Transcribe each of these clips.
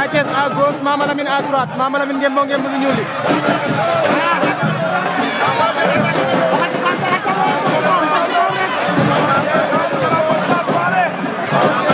Sa Thiès à gauche Mama Lamine à droite Mama Lamine ngeen moo ngeen lu ñuul li Thank you.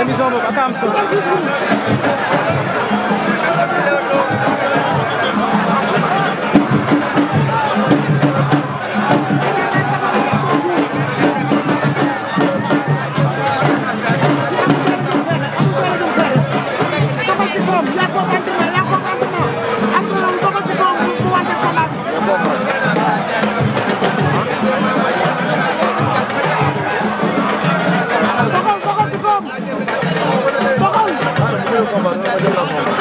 émission boobu ak am solo Parole